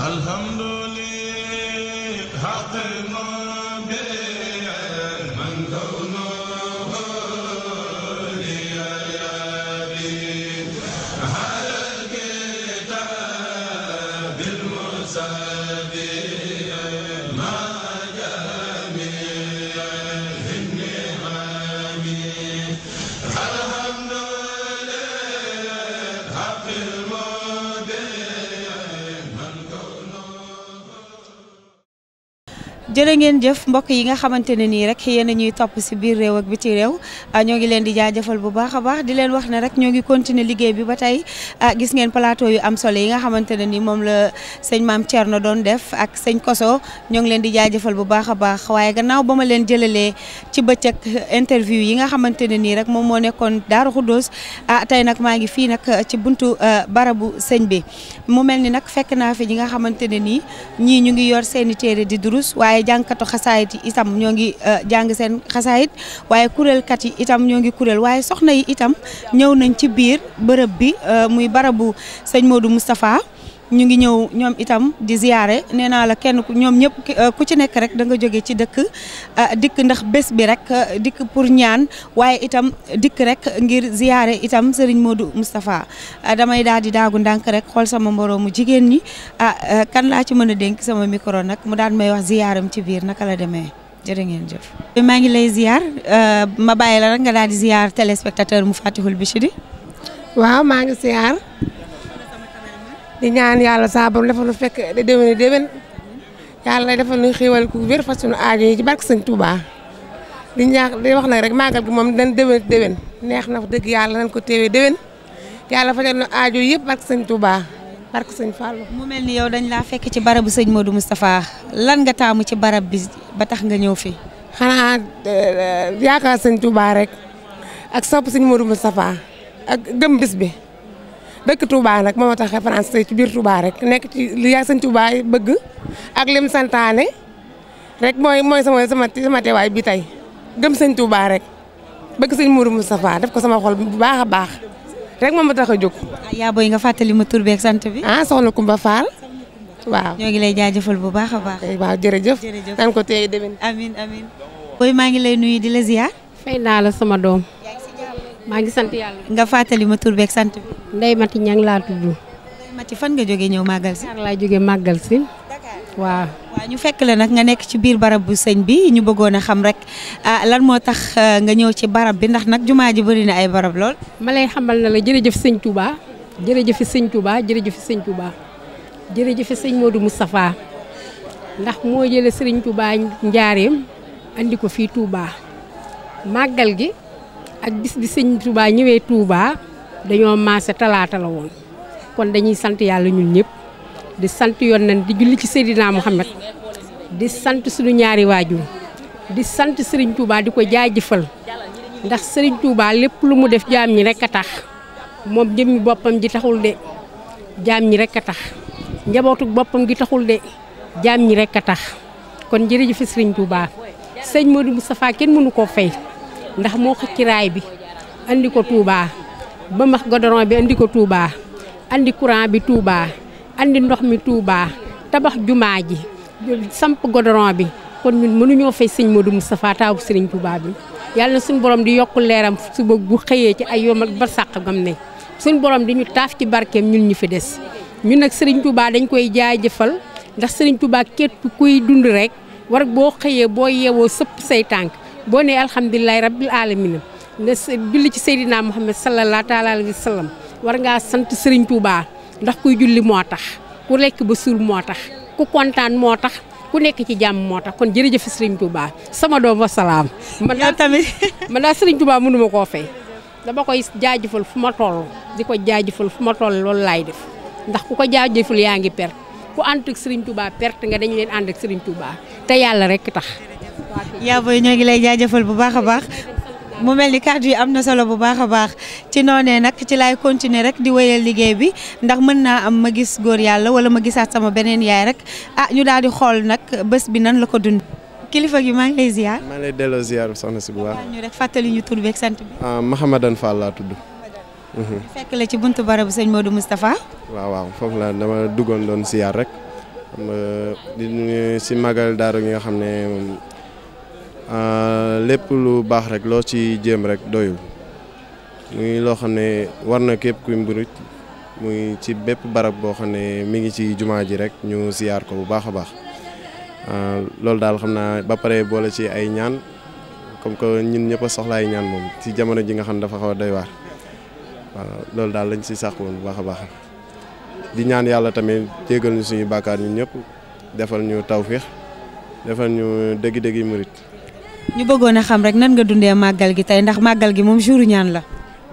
الحمد لله حق jërë ngeen jëf mbokk yi nga xamante ne nii rek yéen a ñuy topp si biir réew ak biti réew ah, ñoo ngi leen di jaajëfal bu baax a baax di leen wax ne rek ñoo ngi continuer liggéey bi ba tey a ah, gis ngeen plateau yi am solo yi nga xamante ne nii moom la sëñ maam Thierno doon def ak sëñ Koso ñoo ngi leen di jaajëfal bu baax a baax waaye gannaaw ba ma leen jëlalee ci bëccëg interview yi nga xamante ne nii rek moom moo nekkoon Daaru Xuddoos ah tey nag maa ngi fii nag ah, ci buntu barabu sëñ bi mu mel ni nag fekk naa fi ñi nga xamante ne nii ñii ñu ngi yor seeni téere di durus waaye jàngkatu xasaayit yi itam ñoo ngi euh, jàng seen xasaayit waaye kuréelkat yi itam ñoo ngi kuréel waaye soxna yi itam ñëw nañ ci biir bërëb bi euh, muy barabu sëñ Modou Moustapha ñu ngi ñëw ñoom itam di ziyaare nee naa la kenn ñoom ñëpp euh, ku ci nekk rek da nga jóge ci dëkk euh, dikk ndax bés bi rek euh, dikk pour ñaan waaye itam dikk rek ngir ziyaare itam sëriñ moo du Moustapha damay daal di daagu ndànk rek xool sama mboro mu jigéen ñi ah kan laa ci mën a denk sama micro nag mu daan may wax ziyaaram ci biir naka la demee jërë ngeen jëf. maa ngi lay ziyaar ma bàyyi la rek nga daal di ziyaar téléspectateur mu Fatihul Bichri waaw maa di ñaan yàlla saa borom defal nu fekk di déwén déwén yàlla defal nu xéewal ku wér fas suñu aajo yi ci barke sëñ di ñaax di wax nag rek màggal gi moom dañ déwén déwén neex na dëgg yàlla nañ ko téewee déwén yàlla fajal nu aajo yëpp barke sëñ Touba barke sëñ mu mel ni yow dañ laa fekk ci barabu sëñ Modou Moustapha lan nga taamu ci barab bi ba tax nga ñëw fi. xanaa yaakaar sëñ Touba rek ak sopp sëñ Modou Moustapha ak gëm bi. dëkk Touba nag moo tax référence tey ci biir Touba rek nekk ci li yaa sëñ Touba bëgg ak lim santaane rek mooy mooy sama sama sama teewaay bi tey gëm sëñ Touba rek bëgg sëñ Mourou Moustapha def ko sama xol bu baax a baax rek moom ma tax a jóg. Ah, yaa booy nga fàttali ma tur beeg sant bi. ah soxna Kumba Fall. waaw ñoo ngi lay jaajëfal bu baax a baax. Eh, waaw jërëjëf jërëjëf naan ko téye demin. amiin amiin. booy maa ngi lay nuyu di la ziar. fay naa la sama doom. maa ngi sant yàlla. nga fàttali ma tur sant bi. Ndeye Mati Niang laa tudd. Ndeye Mati fan nga jógee ñëw màggal si. Dakar laa màggal si. waaw. ñu fekk la nag nga nekk ci biir barab bu sëñ bi ñu bëggoon a xam rek ah, lan moo tax ah, nga ñëw ci barab bi ndax nag jumaa ji bëri na ay barab lool. ma lay xamal na la jërëjëf sëñ Touba jërëjëf sëñ Touba jërëjëf sëñ Touba jërëjëf sëñ Modou ndax moo jëlee sëriñ Touba njaareem andi ko fii Touba màggal gi. ak bis bi sëñ Touba ñëwee Touba dañoo maase talaata la woon kon dañuy sant yàlla ñun ñëpp di sant yoon nañ di julli ci Seydina Mouhamed di sant suñu ñaari waajur di sant Serigne Touba di ko jaajëfal ndax Serigne tuubaa lépp lu mu def jaam ñi rek a tax moom jëmmi boppam ji taxul de jaam ñi rek a tax njabootu boppam gi taxul de jaam ñi rek a tax kon jërëjëf Serigne Touba sëñ Modou Moustapha kenn mënu koo fay. ndax moo xëcc raay bi andi ko tuubaa ba max godoron bi andi ko Touba andi courant bi Touba andi ndox mi Touba tabax jumaa ji samp godoron bi kon ñun mënuñoo fay sëñ Modou Moustapha taawu sëriñ Touba bi yàlla suñ borom di yokk leeram suba bu xëyee ci ay yomal ba sàq gam ne suñ borom di ñu taaf ci barkeem ñun ñu fi des ñun nag sëriñ Touba dañ koy jaajëfal ndax sëriñ Touba képp kuy dund rek war boo xëyee boo yeewoo sëpp say tànk boo nee alhamdulilahi rabbil alamina nga julli ci Seydina Muhammad sallallahu taala alayhi wa sallam war ngaa sant Serigne Touba ndax kuy julli moo tax ku lekk ba suur moo tax ku kontaan moo tax ku nekk ci jàmm moo tax kon jërëjëf Serigne Touba sama doom wa salaam. man daal tamit man daal Serigne Touba mënu ma koo fay. dama koy jaajëfal fu ma toll di ko jaajëfal fu ma toll loolu laay def ndax ku ko jaajëfal yaa ngi perte ku ànd ak Serigne Touba perte nga dañu leen ànd ak Serigne te yàlla rek tax. yaa booy ñoo ngi lay jaajëfal bu baax a baax mu mel ni kàddu yi am na solo bu baax a baax ci noonee nag ci laay continuer rek di wéyal liggéey bi ndax mën naa am ma gis góor yàlla wala ma gisaat sama beneen yaay rek ah ñu daal di xool nag bés bi nan la ko dund. kilifa gi maa ngi lay ziar. maa lay delloo ziar soxna si bu baax. ñu rek fàttali ñu tur beeg sant bi. ah Mahamadan laa tudd. Mhm. fekk la ci buntu barabu sëñ Modou Moustapha. waaw waaw foofu la dama duggoon doon ziar rek euh, di si magal daara xam ne Euh, lépp lu baax rek loo ci jéem rek doyul muy loo xam ne war na képp kuy mburit muy ci bépp barab boo xam ne mi ngi ci jumaa ji rek ñu siyaar ko bu baax a baax euh, loolu daal xam naa ba pare boole ci ay ñaan comme que ñun ñëpp a soxla ay ci jamono ji nga xam ne dafa xaw a doy waar waaw loolu daal lañ si sàq bu baax a baax di ñaan yàlla tamit jéggal ñu suñuy bàkkaar ñun ñëpp defal ñu tawféex defal ñu dégg-dégg murit ñu bëggoon a xam rek nan nga dundee màggal gi tey ndax màggal gi moom jouru ñaan la.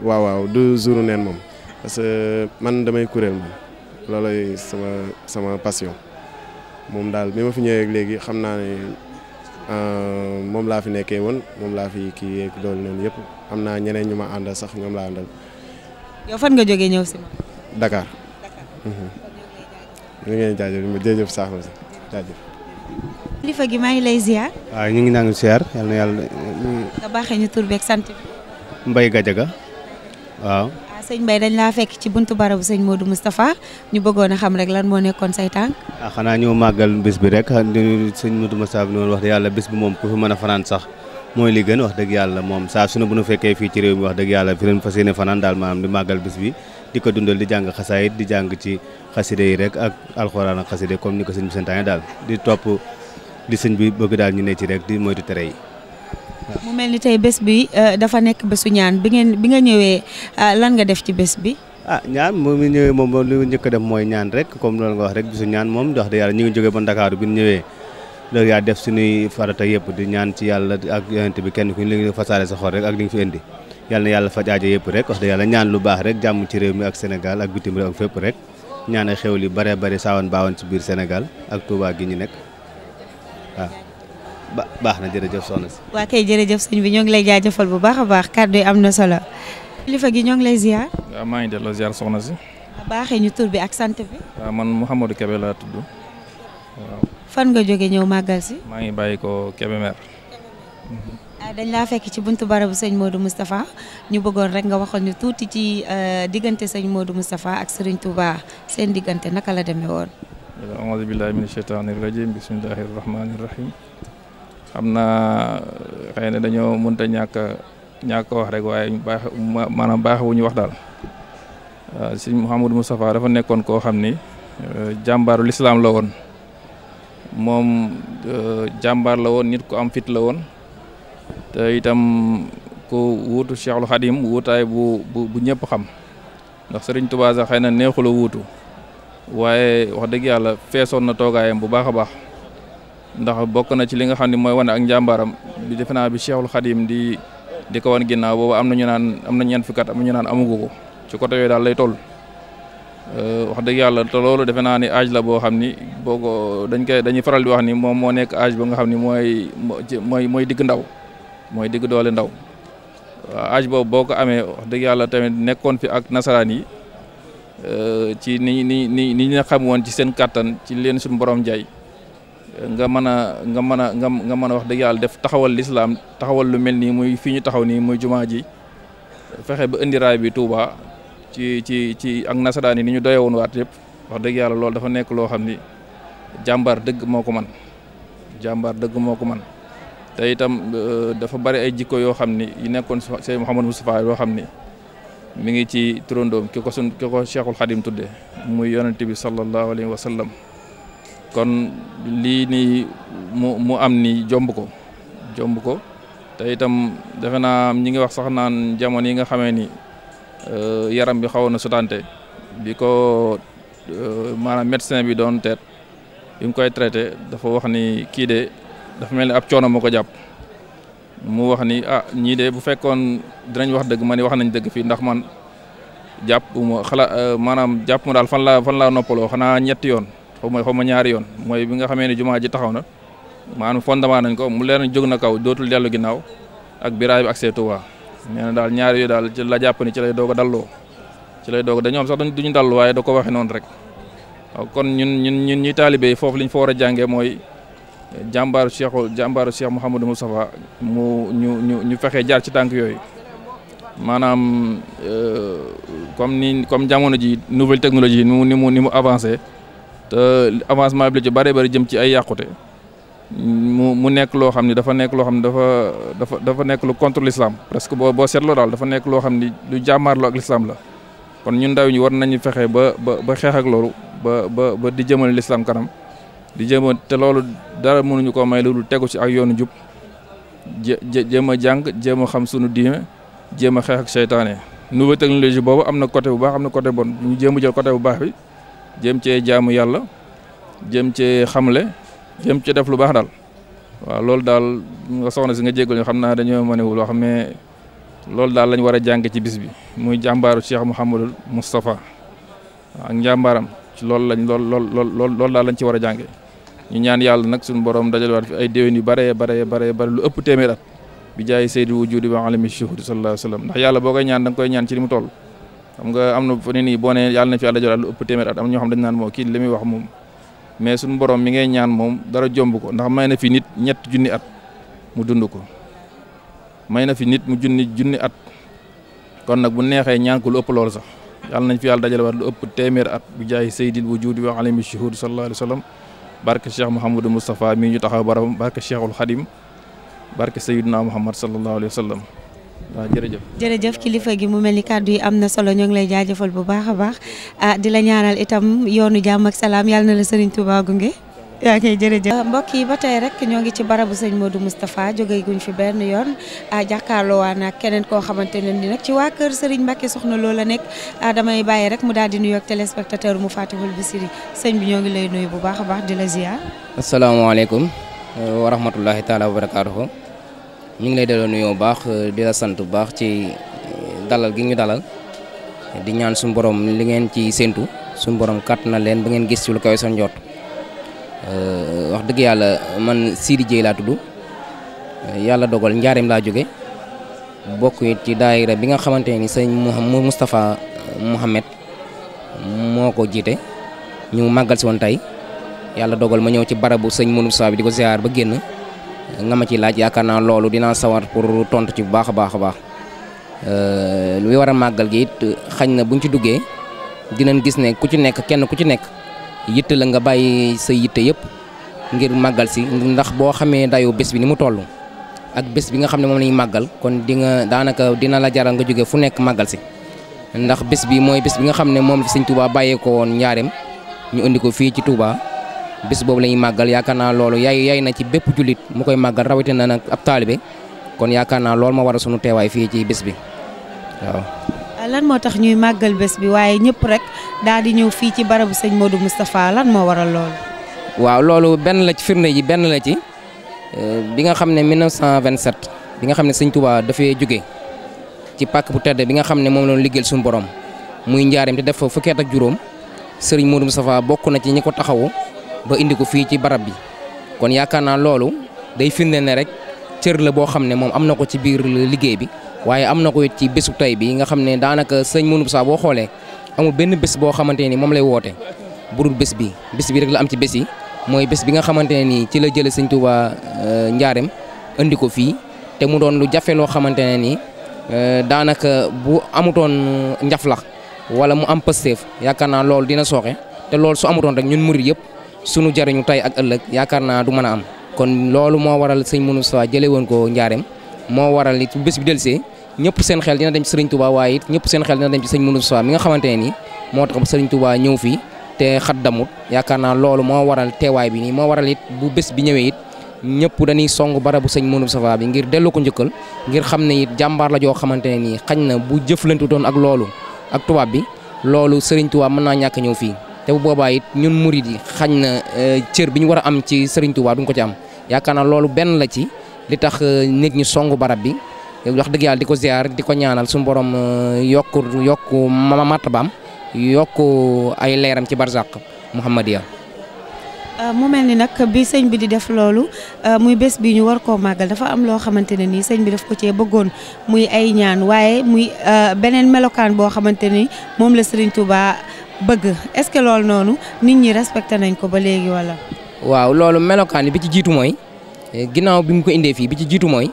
waaw waaw du jouru neen moom parce man damay kuréel moom loolay sama sama passion moom daal fi ñëwee léegi xam naa ne euh, moom laa fi nekkee woon moom laa fi kii yeeg loolu noonu yëpp am naa ñeneen ñu ma àndal sax ñoom laa àndal. yow fan nga jógee ñëw si ma. Dakar. Dakar. Mhm. ñu ngi leen di jaajëf si jaajëf. kilifa gi maa ngi lay ziar. waa ñu ngi nangu ziar yal na yàlla. nga baaxee ñu tur beeg sant mbay Mbaye Gadiaga waaw. Ah, sëñ Mbaye dañ laa fekk ci bunt barabu sëñ Modou Moustapha ñu bëggoon a xam rek lan moo nekkoon say tànk. Ah, xanaa ñëw màggal bés bi rek sëñ Modou Moustapha bi noonu wax dëgg bés bi moom ku fa mën a fanaan sax mooy li gën wax dëgg yàlla moom saa su bu nu fekkee fii ci réew mi wax dëgg yàlla fi leen fas yéene fanaan daal maanaam di màggal bis bi di ko dundal di jàng xasaayit di jàng ci xaside yi rek ak alxuraan ak xaside comme ni ko sëñ bi daal li sëñ bi bëgg daal ñu ne ci rek di moytu tere yi. mu mel ni tey bés bi euh, dafa nekk bésu ñaan bi ngeen bi nga ñëwee euh, lan nga def ci bés bi. ah ñaan moom mi ñëwee moom li ñu njëkk def mooy ñaan rek comme loolu nga wax rek bésu ñaan moom wax dëgg yàlla ñu ngi jógee ba Ndakaaru bi ñu ñëwee. loolu yaa def suñuy farata yëpp di ñaan ci yàlla ak yonent bi kenn ku ñu fasaale sa xol rek ak li nga fi indi yàlla na yàlla faj aajo yëpp rek wax dëgg yàlla ñaan lu baax rek jàmm ci réew mi ak Sénégal ak bitim fépp rek ñaan ay xéwal yu bare bare saawan baawan ci biir Sénégal ak Touba gi ñu nekk waaw ba baax na jërëjëf soxna waa kay jërëjëf sëñ bi ñoo ngi lay jaajëfal bu baax a baax kàddu yi am na solo. kilifa gi ñoo ngi lay ziar. waaw maa ngi delloo ziar soxna si. baaxee ñu tur bi ak sant bi. man Mouhamadou Kébé laa tudd fan nga jóge ñëw màggal si. maa ngi bàyyi ko Kébémer. Ah, dañ laa fekk ci buntu barabu sëñ Modou Moustapha ñu bëggoon rek nga waxal ñu tuuti ci euh, diggante sëñ moodu mustafa ak Serigne Touba seen diggante naka la demee woon. aoudu billahi min asheytaani rajim bismillahi rahmaani rahim xam na xëy na dañoo mënta ñàkk ñàkk wax rek waaye baax maanaam baaxewuñu wax daal sëñ Mouhamadou Moustapha dafa nekkoon koo xam ni euh, jàmbaaru lislaam la woon moom euh, jàmbaar la woon nit ko am fit la woon te itam ku wuutu Cheikhul Khadim wuutaay bu bu ñëpp xam ndax Sëriñ Tuubaa sax xëy na neexula wuutu waaye wax dëgg yàlla feesoon na toogaayam bu baax a baax ndax bokk na ci li nga xam ne mooy wane ak njàmbaaram bi defe naa bi Cheikhul Khadim di di ko wan ginnaaw boobu am na ñu naan am na ñeent fukki at am na ñu naan amugu ko ci côté daal lay toll. Euh, wax dëgg yàlla te loolu defe naa ni aj la boo xam ni boo dañ koy dañuy faral di wax ni moom moo nekk aj ba nga xam ni mooy mooy mooy digg ndaw mooy digg doole ndaw waaw boobu boo amee wax dëgg yàlla tamit nekkoon fi ak nasaraan yi. Euh, ci ni ni ni ni ñu xam woon ci seen kàttan ci leen suñu boroom jaay euh, nga mën a nga mën a nga nga mën a wax dëgg yàlla def taxawal lislaam taxawal lu mel nii muy fi ñu taxaw nii muy jumaa ji fexe ba indi raay bi tuuba ci ci ci ak nasaraan yi ni ñu doye woon waat yëpp wax dëgg yàlla loolu dafa nekk loo xam ni jàmbaar dëgg moo ko man jàmbaar dëgg moo ko man te itam euh, dafa bari ay jikko yoo xam ni yu nekkoon Sëñ Mouhamadou Moustapha yoo xam ni mi ngi ci turandoom ki ko sun ki ko cheikhul xadim tudde muy yonent bi sallallahu alayhi wa sallam kon lii nii mu mu am ni jomb ko jomb ko te itam defe naa ñi ngi wax sax naan jamono yi nga xamee ni euh, yaram bi xawoon na sutante bi ko euh, maanaam médecin bi doon teet bi mu koy traité dafa wax ni kii de dafa mel ni ab coono moo ko jàpp mu wax ni ah ñii de bu fekkoon dinañ wax dëgg ma ni wax nañ dëgg fii ndax man jàpp ma xala euh, maanaam jàpp ma daal fan la fan laa noppaloo xanaa ñetti yoon xaw ma xaw ma yoon mooy bi nga xamee ne jumaa ji taxaw na maanaam fondement nañ ko mu leen jog na kaw dootul dellu ginnaaw ak biraay bi ak see Tuubaa nee na daal ñaar yooyu daal ci la jàpp ni ci lay doog a dalloo ci lay doog dañoom sax duñu dallu waaye da ko noonu rek kon ñu ñun ñun ñuy taalibe foofu liñ war a jàngee mooy jàmbaaru cheikh jàmbaaru cheikh Mouhamadou Moustapha mu ñu ñu ñu fexee jaar ci tànk yooyu maanaam euh, comme ni comme jamono ji nouvelle technologie ni mu ni mu ni mu avancé te avancement bi la ci bëree bëri jëm ci ay yàqute mu mu nekk loo xam ne dafa nekk loo xam ne dafa dafa dafa nekk lu contre l'islam presque boo boo seetloo daal dafa nekk loo xam ni lu jàmmaarloo ak l'islam la kon ñun ndaw ñi war nañu fexe ba ba ba xeex loolu ba ba ba di jëmale l'islam kanam di jéem a te loolu dara mënuñu ko may loolu tegu ci ak yoonu jub jéem a jàng jéem xam sunu diine jéem a xeex seytaane seytaane nouvelle technologie boobu am na côté bu baax am na côté bon ñu jéem a jël côté bu jéem cee jaamu yàlla jéem cee xamle jéem cee def lu baax daal waaw loolu daal nga soxna si nga jégal ñu xam naa dañoo mënewul wax mais loolu daal lañ war a jàng ci bis bi muy jàmbaaru Cheikh Mouhamadul Moustapha ak njàmbaaram ci loolu lañ lool lool lool daal lañ ci war a jàngee ñu ñaan yàlla nag suñu borom dajalewaat fi ay déwén yu bare bare bare bare lu ëpp téeméer at bi jaay Seydou wujudi wa alami shuhud sallallahu alayhi wa sallam ndax boo koy ñaan da nga koy ñaan ci li mu toll xam am na fu boo ne yàlla na fi yàlla dajalewaat lu ëpp téeméer at am ñoo xam dañ naan mais suñu borom mi ngay ñaan moom dara jomb ko ndax may na fi nit ñetti junni at mu dund ko may na fi nit mu junni junni at kon nag bu neexee ñaan ko lu ëpp loolu sax yàlla nañ fi yàlla dajalewaat lu ëpp téeméer at bi jaay Seydil wujudi wa alami shuhud sallallahu alayhi wa sallam barke Cheikh Mouhamadou Moustapha mi ñu taxaw baram barke Cheikhul Khadim barke Seydina Muhammad sallallahu alayhi wa sallam waaw jërëjëf jërëjëf kilifa gi mu mel ni kàddu yi am na solo ñoo ngi lay jaajëfal bu baax a baax ah di la ñaanal itam yoonu jàmm ak salaam yàlla na la Serigne Touba ngi yaa kay jërëjëf euh, mbokk yi ba tey rek ñoo ngi ci barabu sëñ Modou Moustapha jóge guñ fi benn yoon jàkkaarloo waa nag keneen koo xamante ne ni nag ci waa kër Serigne Mbacke soxna la nekk yi bàyyi rek mu daal di nuyoog téléspectateur mu Fatihul Bichri sëñ bi ñoo ngi lay nuyu bu baax baax di la ziar. asalaamaaleykum euh, wa rahmatulahi taala wa barakaatuhu ñu ngi lay delloo nuyoo bu baax euh, di la sant bu baax ci dalal gi ñu dalal di ñaan suñu borom li ngeen ci séntu suñu borom kat na leen ba ngeen gis ci lu koy sa njot Euh, wax dëgg yàlla man Sidi Dieye laa tudd yàlla dogal njaareem laa jóge bokk yit ci daayira bi nga xamante ni sëñ mustafa Mouhamed moo ko jiite ñu màggal si woon tey yàlla dogal ma ñëw ci barabu sëñ Moustapha bi di ko ziar ba génn nga ma ci laaj yaakaar naa loolu dinaa sawar pour tontu ci bu baax a baax a baax euh, li war a màggal gi xañ na buñ ci duggee dinañ gis ne ku ci nekk kenn ku ci nekk. yitte la nga bàyyi sa yitte yëpp ngir màggal si ndax boo xamee dayu bés bi ni mu toll ak bés bi nga xam ne moom la ñuy màggal kon di nga daanaka dina la jaral jóge fu nekk màggal si ndax bés bi mooy bés bi nga xam ne moom sëñ Touba bàyyee ko woon njaareem ñu indi ko fii ci tuubaa bés boobu la ñuy màggal yaakaar naa loolu yaay yay na ci bépp jullit mu koy màggal na nag ab taalibe kon yaakaar naa loolu ma war a sunu teewaay fii ci bis bi waaw. lan moo tax ñuy màggal bes bi waaye ñëpp rek daal di ñëw fii ci barabu sëñ Modou Moustapha lan moo waral loolu. waaw loolu benn la ci firnde ji benn la ci euh, bi nga xam ne 1927 bi nga xam ne sëñ Touba dafay jóge ci pàkk bu tedd bi nga xam ne moom la liggéeyal suñu borom muy njaareem te def fa fukkeet ak juróom sëriñ Modou Moustapha bokk na ci ñi ko taxawu ba indi ko fii ci barab bi kon yaakaar naa loolu day firnde ne rek cër la boo xam ne moom am na ko ci biir liggéey bi. waaye am na ko it ci bésu tey bi nga xam ne daanaka sëñ Mounoup Sarr boo xoolee amul benn bés boo xamante ni moom lay woote budul bés bi bés bi rek la am ci bés yi mooy bés bi nga xamante ne nii ci la jëlee sëñ Touba euh, Ndiarème indi ko fii te mu doon lu jafe loo xamante ne nii euh, daanaka bu amutoon njaflax wala mu am pësteef yaakaar naa loolu dina sooxe te loolu su amutoon rek ñun murid yëpp sunu jariñu tey ak ëllëg yaakaar naa du mën a am kon loolu moo waral sëñ Mounoup Sarr jëlee woon ko Ndiarème moo waral it bés bi delsee ñëpp seen xel dina dem ci Serigne Touba waaye ñëpp seen xel dina dem ci sëñ Mourou Moussa mi nga xamante nii moo tax ba Serigne Touba ñëw fi te xat damut yaakaar naa loolu moo waral teewaay bi nii moo waral it bu bés bi ñëwee it ñëpp dañuy song barabu sëñ Mourou Moussa bi ngir delloo ko njëkkal ngir xam ne it jàmbaar la joo xamante ne nii xañ na bu doon ak loolu ak tubaab bi loolu sëriñ Touba mën naa ñàkk ñëw fii te bu boobaa it ñun murid yi xañ na euh, cër bi ñu war a am ci Serigne Touba duñ ko ci am yaakaar naa loolu benn la ci li tax euh, nit ñi song barab bi wax dëgg yàlla di ko ziar di ko ñaanal suñu borom euh, yokku yokku martabaam yokku ay leeram ci barzaq Muhammadiya euh, mu mel ni nag bi sëñ bi di def loolu euh, muy bés bi ñu war koo màggal dafa am loo xamante ne nii sëñ bi daf ko cee bëggoon muy ay ñaan waaye muy beneen melokaan boo xamante ni moom la Serigne Touba bëgg est-ce que loolu noonu nit ñi respecté nañ ko ba léegi wala. waaw loolu melokaan bi ci jiitu mooy ginnaaw bi mu ko indee fii bi ci jiitu mooy.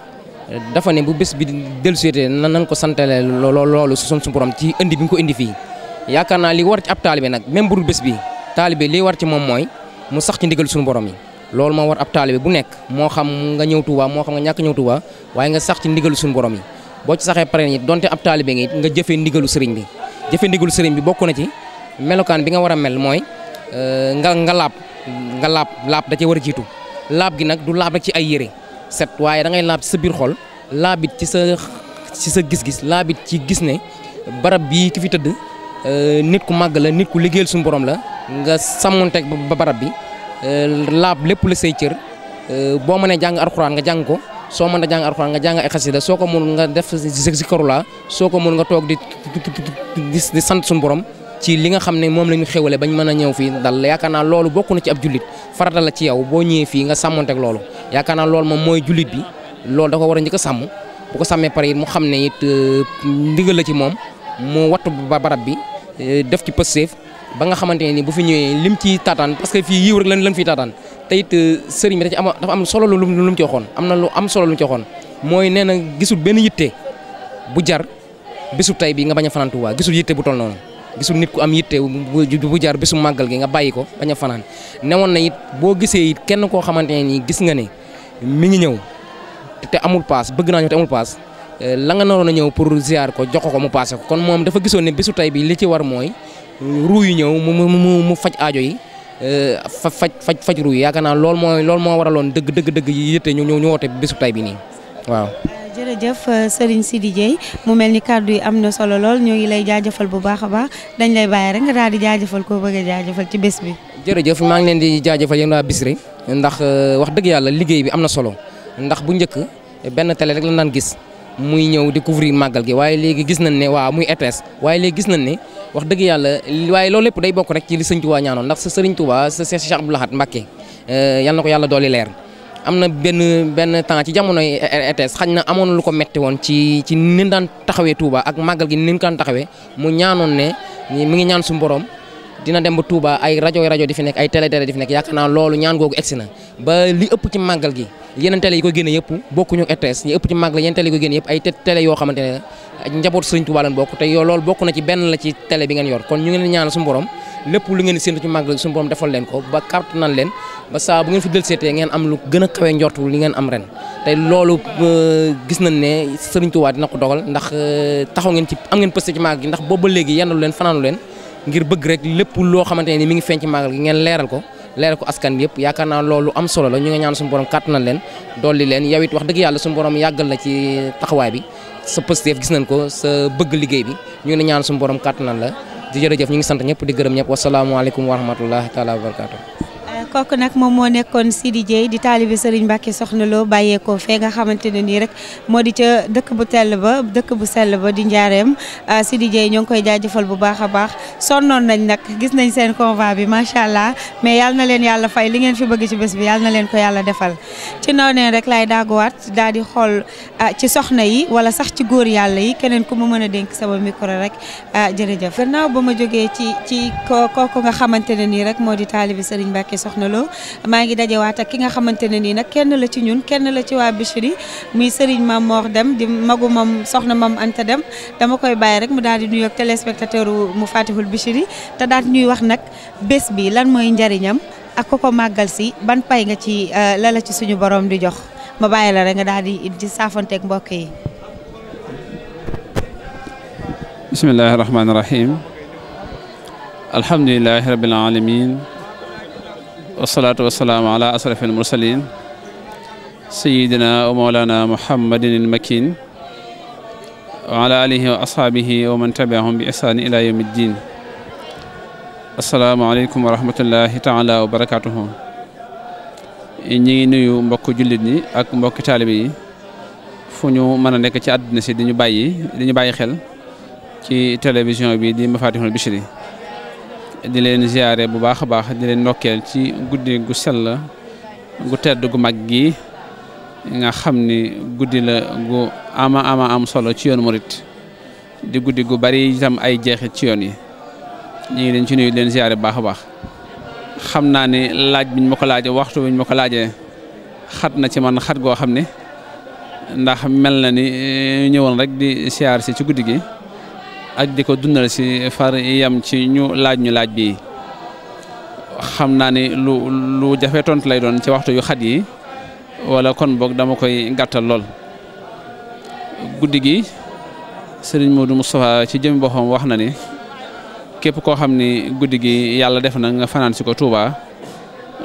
dafa ne bu bés bi dellu seetee nan nan ko santalee loolu suñu suñu borom ci indi bi nga ko indi fii yaakaar naa li war ci ab taalibe nag même bu bés bi taalibe li war ci moom mooy mu sax ci ndigal suñu borom yi loolu moo war ab taalibe bu nekk moo xam nga ñëw Tuuba moo xam nga ñàkk ñëw waa waaye nga sax ci ndigal suñu borom yi boo ci saxee pare nit donte ab taalibe nga it nga jëfee ndigalu sëriñ bi jëfee ndigalu sëriñ bi bokk na ci melokaan bi nga war a mel mooy euh, nga nga laab nga laab laab da cee war jiitu laab gi nag du laab rek ci ay yére set waaye da ngay laab ci sa biir xol laabit ci sa ci sa gis-gis laabit ci gis ne barab bii ki fi tëdd euh, nit ku màgg la nit ku liggéeyal suñu borom la nga sàmmonteeg ba barab bi euh, laab lépp la sey cër euh, boo mënee jàng arxuraan nga jàng ko soo mën a jàng arxuraan nga jàng soo ko mun nga def zikkarulaa soo ko mun nga toog di di sant suñu borom ci li nga xam ne moom la ñu xéwale bañ mën a ñëw fii dal yaakaar naa loolu bokk na ci ab jullit farata la ci yow boo ñëwee fii nga sàmmonteeg loolu yaakaar naa loolu moom mooy jullit bi loolu da ko war a njëkk a sàmm bu ko sàmmee pare it mu xam ne it euh, ndigal la ci moom mu wattu ba barab bi euh, def ci pësteef ba nga xamante ne ni bu fi ñëwee lim ci taataan parce que fii yiw rek lan lan fiy taataan te it euh, sëriñ bi da am dafa am solo lu lu mu ci waxoon am na lu am solo lu mu mooy nee na gisul benn yitte bu jar bésub bi nga bañ a fanaan Tuubaa gisul yitte bu toll noonu gisul nit ku am yitte bu jaar su màggal gi nga bàyyi ko bañ a fanaan newoon na it boo gisee it kenn koo xamante ne nii gis nga ne mi ngi ñëw te amul paas bëgg naa ñëw te amul paas eh, la nga naroon a ñëw pour ziar ko jox ko mu paase kon moom dafa gisoon ne bésu tey bi li ci war mooy ruu yu ñëw mu mu mu faj aajo yi eh, fa faj faj faj ruu yi yaakaar naa loolu mooy loolu moo waraloon dëgg dëgg dëgg yi yitte ñu ñu woote bésu tey bi nii waaw. jërëjëf euh, Serigne Sidi Dieye mu mel ni kàddu yi am na solo lool ñoo ngi lay jaajëfal bu baax a baax dañ lay bàyyi rek nga daal di jaajëfal koo bëgg a jaajëfal ci bés bi. jërëjëf maa ngi leen di jaajëfal yéen waa Bichri ndax euh, wax dëgg yàlla liggéey bi am na solo ndax bu njëkk benn télé rek la naan gis muy ñëw di couvrir màggal gi waaye léegi gis nañ ne waa muy RTS waaye léegi gis nañ ne wax dëgg yàlla waaye loolu lépp day bokk rek ci li sëñ waa ñaanoon ndax sa Serigne Touba sa Cheikh Abdou Lahad Mbacké euh, yal na ko yàlla dooli leer am na benn benn temps ci jamonoy RTS xañ na amoon lu ko metti woon ci ci ni daan taxawee tuuba ak màggal gi ni daan taxawee mu ñaanoon ne mu ngi ñaan suñu borom dina dem ba Touba ay rajo rajo di fi nekk ay télé télé di fi nekk yaakaar naa loolu ñaan googu egsi na ba li ëpp ci màggal gi yeneen télé yi ko génne yëpp bokkuñu RTS ñi ëpp ci màggal yeneen télé yi ko génne yëpp ay télé yoo xamante ne te yow loolu bokk ñu ngi leen ñaanal suñu lépp lu ngeen séntu ci màggal suñu borom leen ko ba kàtt nan leen ba saa bu ngeen fi del seetee ngeen am lu gën a kawe njortu li ngeen am ren te loolu euh, gis nañ ne sa Sëriñ Tuubaa dina ko dogal ndax euh, taxaw ngeen ci am ngeen pëste ci màggal gi ndax booba léegi yendalu leen leen ngir bëgg rek lépp loo xamante ne ni ngi feeñ ci gi ngeen leeral ko leeral ko askan bi yëpp yaakaar naa loolu am solo la ñu nga ñaan suñu borom leen dolli leen yow it wax yàlla suñu borom yàggal la ci taxawaay bi sa pësteef gis nañ ko bëgg liggéey bi ñu ñaan suñu borom kàtt nan la di jërëjëf ñu ngi sant ñëpp di gërëm ñëpp wasalaamualeykum wa rahmatullahi taala wa barakatu kooku nag moom moo nekkoon di Dieye di taalibi Serigne Mbacke soxna loo bàyyeekoo fee nga xamante ne nii rek moo di ca dëkk bu tell ba dëkk bu sell ba di njaareem ah, Sidi Dieye ñoo ngi koy jaajëfal bu baax a baax sonnoon nañ nag gis nañ seen convoi bi macha allah mais yal na leen yàlla fay li ngeen fi bëgg ci bés bi yal na leen ko yàlla defal ci noonee rek laay daaguwaat daal di xool ah, ci soxna yi wala sax ci góor yàlla yi keneen ku ma mën a dénk sama micro rek ah, jërëjëf gannaaw ba ma jógee ci ci kooku nga xamante ne nii rek moo di taalibi Serigne Mbacke soxna Soxna maa ngi dajewaat ak ki nga xamante ne nii nag kenn la ci ñun kenn la ci waa Bichri muy Serigne Mame Mor dem di magu moom soxna Mame Anta dem dama koy bàyyi rek mu daal di nuyu ak téléspectateur mu Fatihul Bichri te daal ñuy wax nag bés bi lan mooy njariñam ak ko ko màggal si ban pay nga ci lala euh, ci suñu borom di jox ma bàyyi la rek nga daal di di saafanteeg mbokk yi. bismillahi rahmaani rahim alhamdulilahi rabbil alamin wasalaatu wasalaam ala asraf almursalin sayidina wa mawlana muhammadin almakin wa ala wa ashaabihi wa man tabiahum bi ihsaani ila yawmi ddin asalaamaaleykum wa rahmatullahi taala wa barakatuhu ñi ngi nuyu mbokk jullit ñi ak mbokki taalibe yi fu ñu mën a nekk ci àdduna si dañu bàyyi dañu bàyyi xel ci télévision bi di Mafatihul Bichri di leen ziare bu baax a baax di leen ndokkeel ci guddi gu sell gu tedd gu mag gi nga xam ni guddi la gu am ama am solo ci yoon murit di guddi gu bari sam ay jeexit ci yoon yi ñu ngi leen ci nuyu di leen ziare bu baax a baax xam naa ni laaj biñ ma ko laajee waxtu biñ ma ko laajee xat na ci man xat goo xam ne ndax mel na ni eh, ñëwoon rek di siyaar si ci guddi gi ak di ko dundal si far yam ci ñu laaj ñu laaj bi xam naa ni lu lu jafe tontu lay doon ci waxtu yu xat yi wala kon boog dama koy gàttal lool guddi gi sëriñ moo du Modou Moustapha ci jëm boppam wax na ni képp koo xam ni guddi gi yàlla def na nga fanaan si ko Touba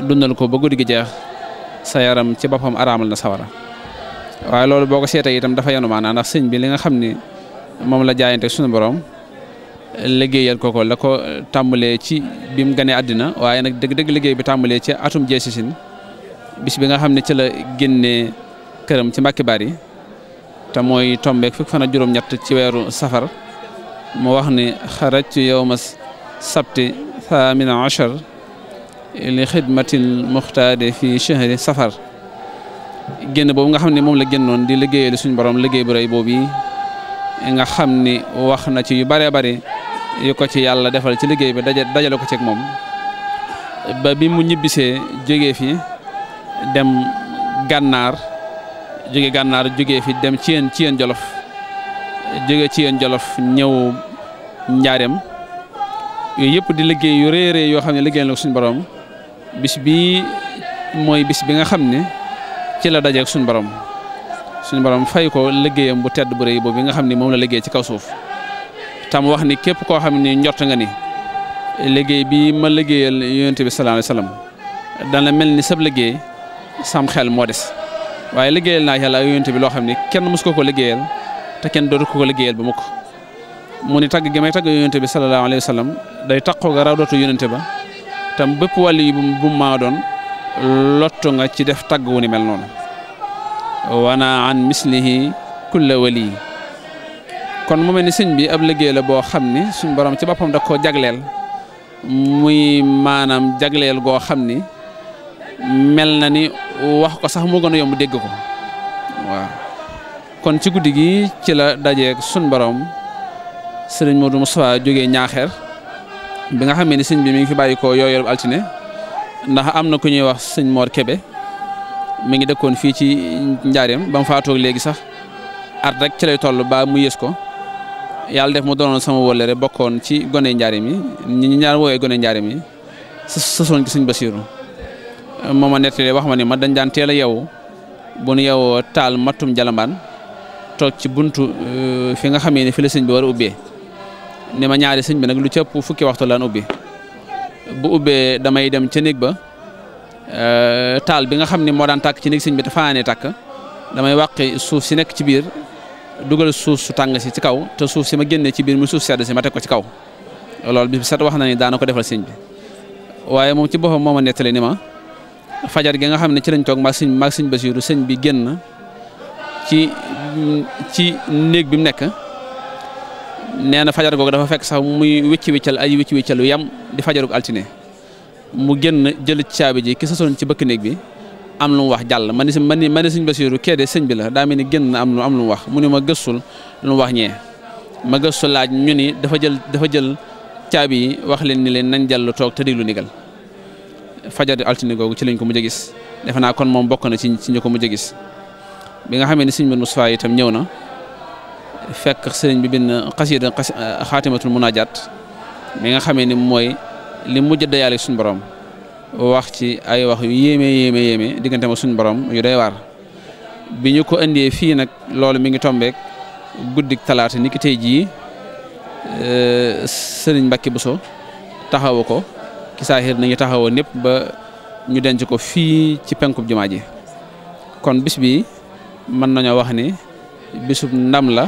dundal ko ba guddi gi jeex sa yaram ci boppam araamal na sawara waaye loolu boo ko seetee itam dafa yanu maanaa ndax sëñ bi li nga xam ni moom la jaayante suñu borom liggéeyal ko ko la ko tàmbalee ci bi gane àddina waaye nag dëgg-dëgg liggéey bi tàmbalee ci atum jeesisin bis bi nga xam ne ci la génnee këram ci Mbàkke Bari te mooy tombeek fukk fan ak juróom-ñett ci weeru safar mu wax ni xarajtu yawma sabti thamina achar li xidmatil muxtaade fi chahri safar génn boobu nga xam ne moom la génnoon di liggéeyal suñu borom liggéey bu rëy boobu nga xam ni wax na ci yu bëree bëri yu ko ci yàlla defal ci liggéey bi dajale ko ceeg moom ba bi mu ñibbisee jógee fi dem gànnaar jóge gànnaar jóge fi dem ci ci yen Jolof jóge ci yen Jolof ñëw Njaareem yooyu yëpp di liggéey yu rëy rëy yoo xam ne liggéey na suñu boroom bis bi mooy bis bi nga xam ni ci la dajeek suñ borom. suñu borom fay ko liggéeyam bu tedd bu rëy boobu nga xam ni moom la liggéey ci kaw suuf tam wax ni képp koo xam ni njort nga ni liggéey bi ma liggéeyal yonent bi sallallahu alayhi wasallam dana mel ni sab liggéey sam moo des waaye liggéeyal naa yàlla ak yonent bi loo xam ni kenn mës ko ko liggéeyal te kenn dootu ko ko liggéeyal ba mukk mu ni tagg gi may tagg yonent bi sallallahu alayhi wasallam day taqoo ga raw dootu yonent ba tam bépp wàll yi bu mu maa doon lottu nga ci def tagg wu ni mel noonu wana an mislihi kulla wali kon mu mel ni sëñ bi ab liggéey la boo xam ni suñ boroom ci boppam da koo jagleel muy maanaam jagleel goo xam ni mel na ni wax ko sax moo gën a yomb dégg ko waaw kon ci guddi gi ci la dajeeg suñ borom sëriñ Modou Moustapha jóge ñaaxeer bi nga xamee ni sëñ bi mu ngi fi bàyyi ko yooyu altine ndax am na ku ñuy wax sëñ Mor Kebe mi ngi dëkkoon fii ci njaarim ba mu faatoog léegi sax at rek ci lay toll ba mu yées ko yàlla def mu doonoon sama wóllare bokkoon ci gone Njaareem yi ñi ñu ñaar woowee gone Njaareem yi sa sasoon ci sëñ Basiiru moo ma nettalee wax ma ni ma dañ daan teel a yeewu bu nu yeewoo taal mattum jalambaan toog ci buntu euh, fi nga xamee ne fi la sëñ bi war a ubbee ni ma ñaari sëñ bi nag lu cëpp fukki waxtu laan ubbi bu ubbee damay dem ca néeg ba. Euh, taal bi nga xam ne moo daan tàkk ci néeg sëñ bi te fanaanee tàkk damay wàqi suuf si nekk ci biir dugal suuf su tàng si ci kaw te suuf si ma génnee ci biir mu suuf sedd si ma teg ko ci kaw loolu bi set wax na ni daana ko defal sëñ bi waaye moom ci boppam moo ma nettali ni ma fajar gi nga xam ne ci lañ toog maag sëñ maag sëñ Basiiru sëñ bi génn ci ci néeg bi mu nekk nee na fajar goog dafa fekk sax muy wicci wiccal ay wicci wiccal yu yam di fajarug altine mu génn jël caabi ji ki sasoon ci bëkk néeg bi am lu mu wax jàll man si man ma ne sëñ Basiiru kee de sëñ bi la ni génn am am lu mu wax mu ne ma gëstul lu mu wax ñee ma gëstu laaj ñu ni dafa jël dafa jël caabi yi wax leen ni leen nañ jàll toog te déglu ndigal fajar altine googu ci lañ ko mujj a gis defe naa kon moom bokk na ci ci ñu ko mujj a gis bi nga xamee ni sëñ bi Mustafaa itam ñëw na fekk sëriñ bi bind xasida xaatimatul munaajaat mi nga xamee ni mooy li mujj dayaale suñu boroom wax ci ay wax yu yéeme yéeme yéeme diggante ma suñu borom yu doy waar bi ñu ko indee fii nag loolu mi ngi tombeek guddik talaata ni ki tey jii euh, sëriñ Mbacke Bousso taxawu ko ki nañu taxawoo népp ba ñu denc ko fii ci penkub jumaa ji kon bis bi mën nañoo wax ni bisub ndam la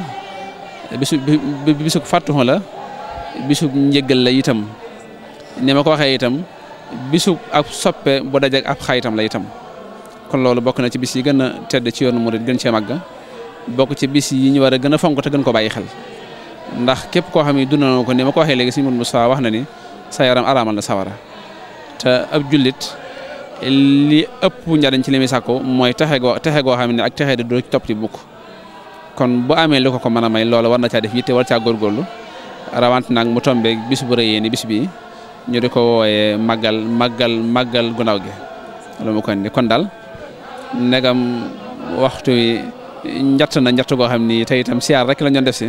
bisub bisub fàttuxu la bisu njëgal la itam ni ma ko waxee itam bisu ak soppe bu dajeek ab xayitam la itam kon loolu bokk na ci bis yi gën a tedd ci yoonu murid gën cee màgg bokk ci bis yi ñu war a gën a fonk te gën ko bàyyi xel ndax képp koo xam ne dund na ko ni ma ko waxee léegi si Sëriñ Moustapha wax na ni sa yaram araamal na sawara te ab jullit li ëpp njariñ ci li muy sàkku mooy taxe goo texe goo xam ne ak texe di doo topp ci bukk kon bu amee lu ko ko mën a may loolu war na caa def yitte war caa góorgóorlu rawante nag mu tombeeg bis bu rëyee ni bii ñu di ko wooyee màggal màggal màggal gunaaw gi lu mu ko indi kon daal negam waxtu wi njatt na njatt goo xam ni tey itam siyaar rek la ñu si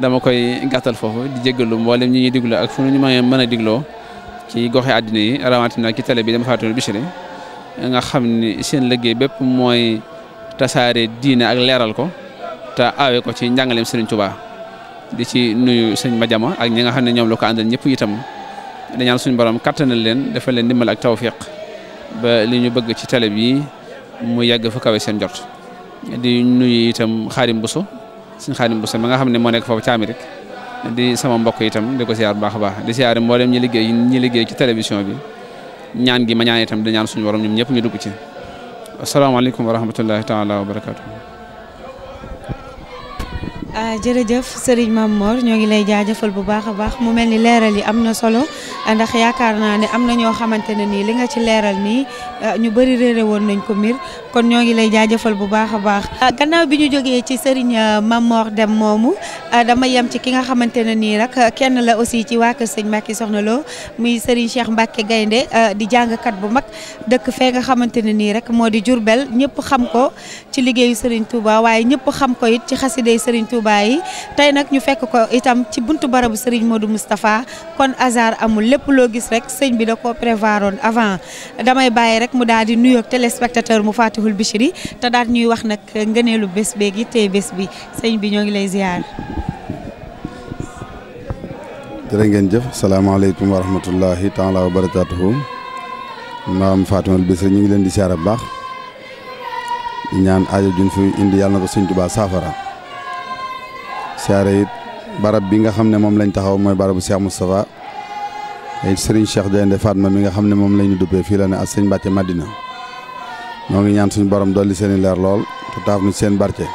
dama koy gàttal foofu di jéggalu mboolem ñi ñuy diglu ak fu ñu mën a digloo ci goxe àddina yi rawatina ci télé bi dama fàttali Bichri nga xam ni seen liggéey bépp mooy tasaare diine ak leeral ko te aawe ko ci njàngaleem Serigne Touba di ci nuyu sëñ Madiama ak ñi nga xam ne ñoom la ko àndal ñëpp itam. di ñaan suñu borom kattanal leen defal leen di mal ak tawfiq ba li ñu bëgg ci télé bi mu yàgg fu kawe seen jot di nuyu itam xaarim buso suñ xaarim buso ma nga xam ne moo nekk foofu ci Amérique di sama mbokk itam di ko si bu baax a baax di siyaare mboolem ñi liggéey ñi liggéey ci télévision bi ñaan gi ma ñaan itam di ñaan suñu borom ñoom ñëpp ñu dugg ci asalaamaaleykum wa rahmatullahi taala wa barakaatu. Euh, jërëjëf Serigne Mame Mor ñoo ngi lay jaajëfal bu baax a baax mu mel ni leeral yi am na solo ndax yaakaar naa ne am na ñoo xamante ne nii li nga ci leeral nii euh, ñu bëri réere woon nañ ko mbir kon ñoo ngi lay jaajëfal bu baax a baax. Euh, gannaaw bi ñu jógee ci Serigne Mame Mor dem moomu dama yem ci ki nga xamante ne nii rek kenn la aussi ci waa sëñ Mbacké Soxna loo muy Serigne Cheikh Mbacké Gaynde di jàngkat bu mag dëkk fee nga xamante ne nii rek moo di Diourbel ñëpp xam ko ci liggéeyu Serigne Touba waaye ñëpp xam ko it ci Touba tey nag ñu fekk ko itam ci bunt barabu Serigne Modou Moustapha kon hasard amul lépp loo gis rek sëñ bi da koo prévoiroon avant damay bàyyi rek mu daal di nuyoog téléspectateur mu Fatihul Bichri te daal ñuy wax nag ngëneelu bés beeg yi tey bés bi sëñ bi ñoo ngi lay ziar. jërë ngeen jëf salaamaaleykum wa rahmatullahi taala wa barakaatuhu maam Fatihul Bichri ñu ngi leen di ziar bu baax. ñaan aajo juñ fi indi yàlla na ko sëñ Tuubaa saafara siyaare it barab bi nga xam ne moom lañ taxaw mooy barabu Cheikh Moustapha ay Serigne Cheikh Diène Fatma mi nga xam ne moom la ñu duppee fii la ne ak sëñ Mbàkke Madina moo ngi ñaan suñu borom dolli seen i leer lool te taaf nu seen barke.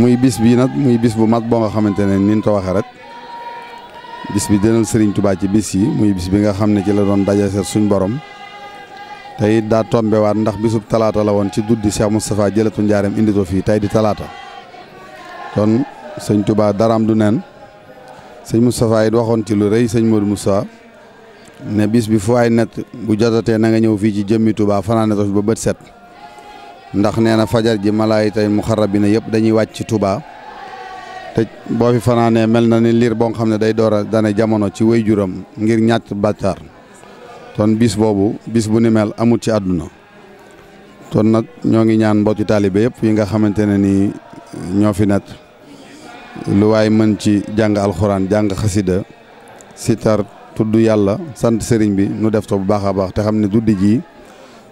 muy bis bii nag muy bis bu mag boo nga xamante ne ni ñu ko waxee rek bis bi dënal sëriñ Touba ci bis yi muy bis bi nga xam ne ci la doon dajase suñu borom te it daa tombewaat ndax bisub talaata la woon ci guddi Cheikh Moustapha jëlatu njaareem indi ko fii tey di talaata. kon sëñ Touba am du neen sëñ Moustapha it waxoon ci lu rëy sëñ Modou Moustapha ne bis bi fu ay nekk bu jotatee na nga ñëw fii ci jëmmi Touba fanaane ko fi ba bët set ndax nee na fajar ji malaayika yi na yëpp dañuy wàcc ci tubaa te boo fi fanaanee mel na ni liir boo xam ne day door a dane jamono ci waajuram ngir ñàcc bàkkaar kon bis boobu bis bu ni mel amut ci àdduna ton nag ñoo ngi ñaan mbokki taalibe yëpp yi nga xamante ne ni ñoo fi nekk lu waay mën ci jàng alxuraan jàng xasida sitar tudd yàlla sant sëriñ bi nu def to bu baax a baax te xam ne duddi ji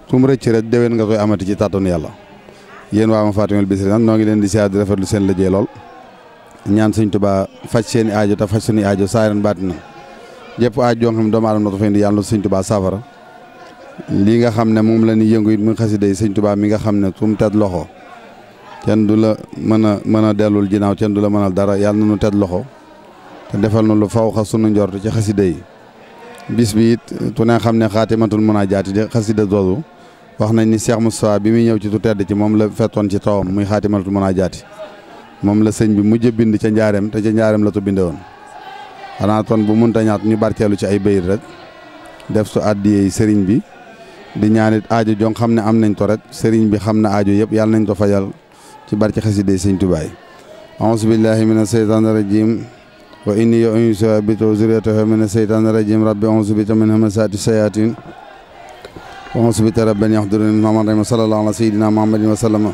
tum rëcc rek déwén nga koy amati ci tàttanu yàlla yéen waa ma Fatimel Bichri noo ngi leen di siyaar di lu seen liggéey lool ñaan Sëriñ Tuubaa faj seen i aajo te faj suñu aajo saaran baati na jëpp aaj joo xam doomu aadama na fa indi yàlla na Sëriñ Tuubaa saafara lii nga xam ne moom la ni yëngu it mu xasida yi Sëriñ Tuubaa mi nga xam ne tum loxo kenn du la mën a mën a dellul ginnaaw kenn du la mënal dara yàlla na nu tedd loxo te defal na lu faw xas sunu njort ci xasida yi bis bi it tu ne xam ne xaatimatul munaajaat di xasida doodu wax nañ ni mu Moustapha bi muy ñëw ci tu tedd ci moom la fettoon ci tawam muy xaatimatul jaati moom la sëñ bi mujj bind ca njaareem te ca njaareem la tu binde woon xanaa ton bu munta ñaat ñu barkeelu ci ay bayit rek def su àddiyee sëriñ bi di ñaarit aajo jong xam ne am nañ to rek sëriñ bi xam na aajo yëpp yàlla nañ ko fajal ci barke xasida sëñ Tuubaa aouzu billahi mina seytaani rajim wa inni u'iizuhaa bika wa zurriyatahaa mina seytaani rajim rabbi aouzu bika min hamazaati sayaatiin wa aouzu bika rabbani yahduruun bismillaahir rahmaanir rahiim sallallaahu alaa sayyidinaa muhammadin wa sallama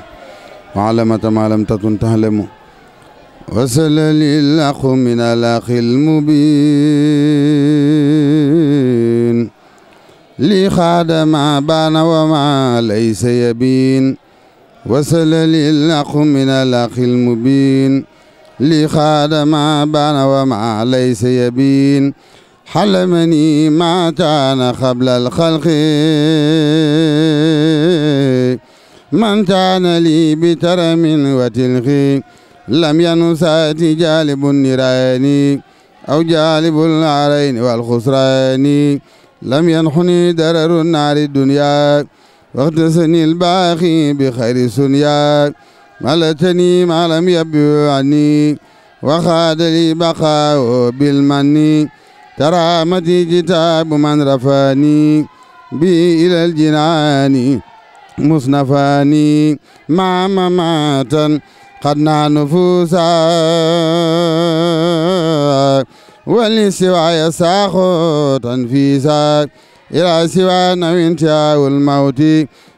wa allamaka maa lam takun ta'lamu وصل للأخ من الأخ المبين لخاد ما بان وما ليس يبين وصل للأق من الأخ المبين لخاد ما بان وما ليس يبين حلمني ما كان قبل الخلق من كان لي بترم وتلخي لم ينسات جالب النيران أو جالب العرين والخسران لم ينحني درر النار الدنيا واغتسني الباخي بخير سنيا ملتني ما لم يبيو عني وخاد لي بقاء بالمن ترامتي كتاب من رفاني بي إلى الجنان مصنفاني مع مماتا قد نفوسا ولسواي ساخوتا في ساق إلى سوى انتهاء الموت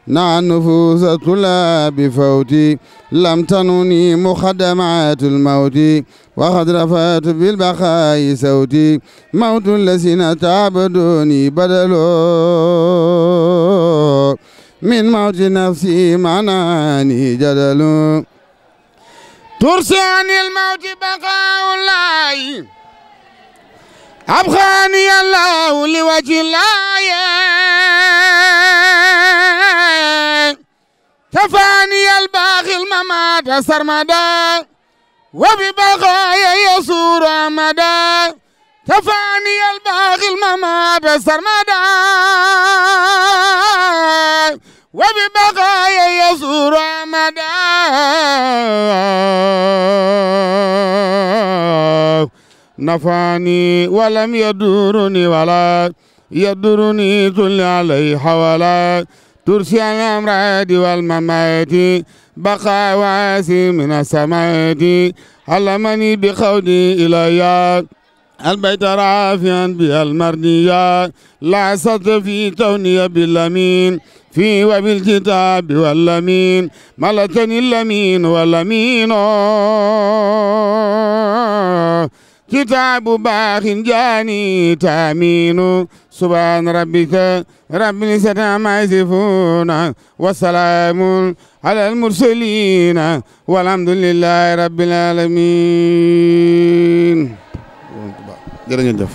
نعى النفوس تلا بفوت لم تنني مخدمات الموت وقد رفعت بالبقاء صوتي موت الذين تعبدوني بدلوا من موت نفسي معناني جدل ترسي عن الموت بقاء الله أبغاني الله لوجه الله كفاني الباغي الممات سرمدا وببغايا يسور مدى كفاني الباغي الممات سرمدا وببغايا يسور مدى نفعني ولم يدورني ولا يدورني ذل علي حولا ترسي الأمراض والممات بقى واسي من السماء علمني بقولي إليّ البيت رافعا بها المردية لا سطر في توني باللمين في وبالكتاب واللمين ملتني اللمين واللمين kitaabu baaxin jaani taamiinu subhaana rabbika rabbil izzati ammaa yasifuuna wa salaamun alal mursaliina walhamdulillaahi rabbil aalamiin jërëjëf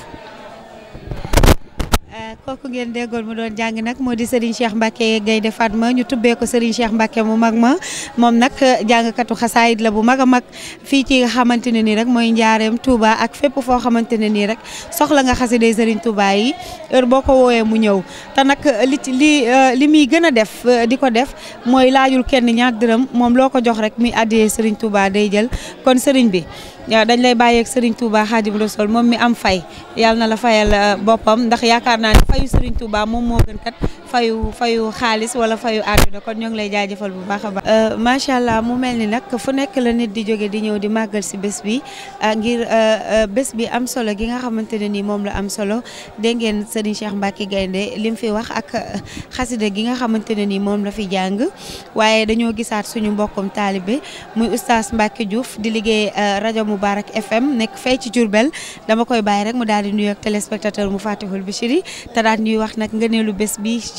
kooku ngeen déggoon mu doon jàng nag moo di Serigne Cheikh Mbacke Gaynde ma ñu tubbee ko Serigne Cheikh mbake mu mag ma moom nag jàngkatu xasaayit la bu mag a mag fii ci nga xamante ne nii rek mooy njaareem Touba ak fépp foo xamante ne nii rek soxla nga xasida Serigne Touba yi heure boo ko wooyee mu ñëw te nag li li li muy gën a def di ko def mooy laajul kenn ñaar dërëm moom loo ko jox rek muy addiyee Serigne Touba day jël kon sëriñ bi dañ lay bàyyeeg Serigne Touba Xaadimu Rasuul moom mi am fay yàlla na la fayal euh, boppam ndax yaakaar naa ne fayu Serigne Touba moom moo gën kat fayu fayu xaalis wala fayu àdduna kon ñoo ngi lay jaajëfal bu baax a baax. Euh, macha allah mu mel ni nag fu nekk la nit di jóge di ñëw di màggal si bés bi euh, ngir euh, bés bi am solo gi nga xamante ne ni moom la am solo dégg ngeen sëriñ Cheikh Gaynde li mu fi wax ak xasida gi nga xamante ne ni moom la fi jàng waaye dañoo gisaat suñu mbokkum taalibe muy oustaz Mbacke Diouf di liggéey rajo Moubarak FM nekk fay ci Diourbel dama koy bàyyi rek mu daal di nuyu ak téléspectateur mu Fatihul Bichri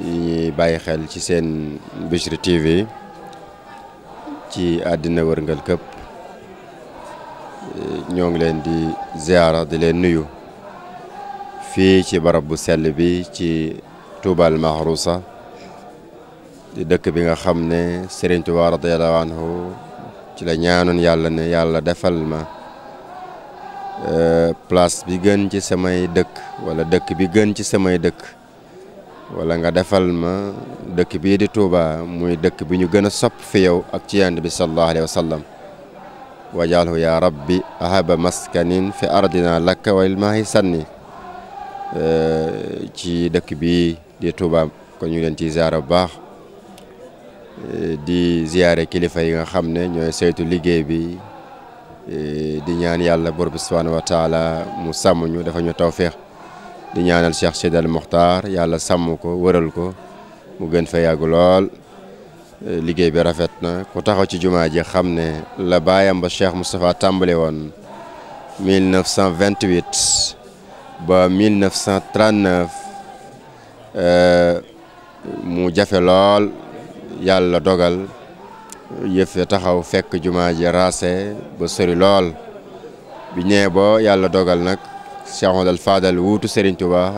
ñi ñuy bàyyi xel ci seen Bichri TV ci àddina wërngal këpp ñoo ngi leen di ziara di leen nuyu fii ci barab bu sell bi ci Touba al di dëkk bi nga xam ne Serigne Touba radiyallahu anhu ci la ñaanoon yàlla ne yàlla defal ma euh, place bi gën ci samay dëkk wala dëkk bi gën ci samay dëkk wala nga defal ma dëkk bii di Touba muy dëkk bi ñu gën a sopp fi yow ak ci yonent bi sallallahu alayhi wa sallam wajaalhu yaa rabbi ahaba maskanin fi ardina lakka walil maahi sanni ci dëkk bii di Touba ko ñu leen ciy ziyaara bu baax di ziyaare kilifa yi nga xam ne ñooy saytu liggéey bi di ñaan yàlla bor bi subhaanahu mu sàmm ñu dafa ñu tawféex di ñaanal Cheikh Seydi Al Mokhtar yàlla sàmm ko wëral ko mu gën fa yàgg lool eh, liggéey bi rafet na ku taxaw ci jumaa ji xam ne la baayam ba Cheikh Moustapha tàmbale woon 1928 ba 1939 eh, mu jafe lool yàlla dogal yëf taxaw fekk jumaa ji raase ba sori lool bi ñëwee ba yàlla dogal nag Cheikh Amadou Fadal wuutu Serigne Touba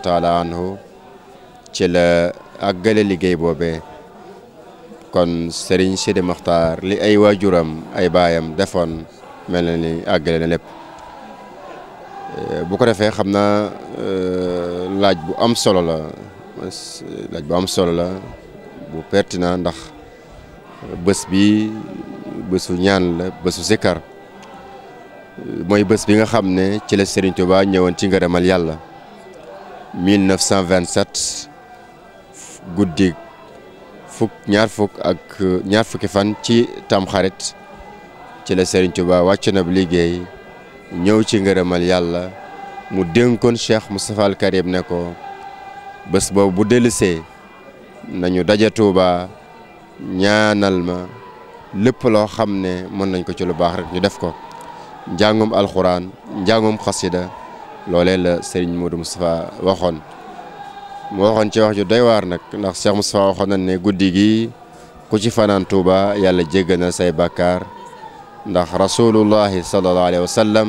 taala anhu ci la liggéey boobe kon Serigne Sidi Mokhtar li ay waajuram ay baayam defoon mel na ni àggale na lépp bu ko defee xam naa euh, laaj bu am solo la laaj bu am solo la bu pertinent ndax bés bi bésu ñaan la bésu zikkar mooy bés bi nga xam ne ci la Serigne Touba ñëwoon ci ngërëmal yàlla 1927 guddi fukk ñaar fukk ak ñaar fukki fan ci tamxarit ci la Serigne Touba wàcc na bu liggéey ñëw ci ngërëmal yàlla mu dénkoon Cheikh mu Al Karim ne ko bés boobu bu dellusee nañu daje Touba ñaanal ma lépp loo xam ne mën nañ ko ci lu baax rek ñu def ko. njàngum alxuraan njàngum xasida loolee la Serigne Modou Moustapha waxoon mu waxoon ci wax ju doy waar nag ndax Cheikh Moustapha waxoon na ne guddi gi ku ci fanaan Touba yàlla jéggal na say bakkaar ndax rasulullahi sallallahu alayhi wa sallam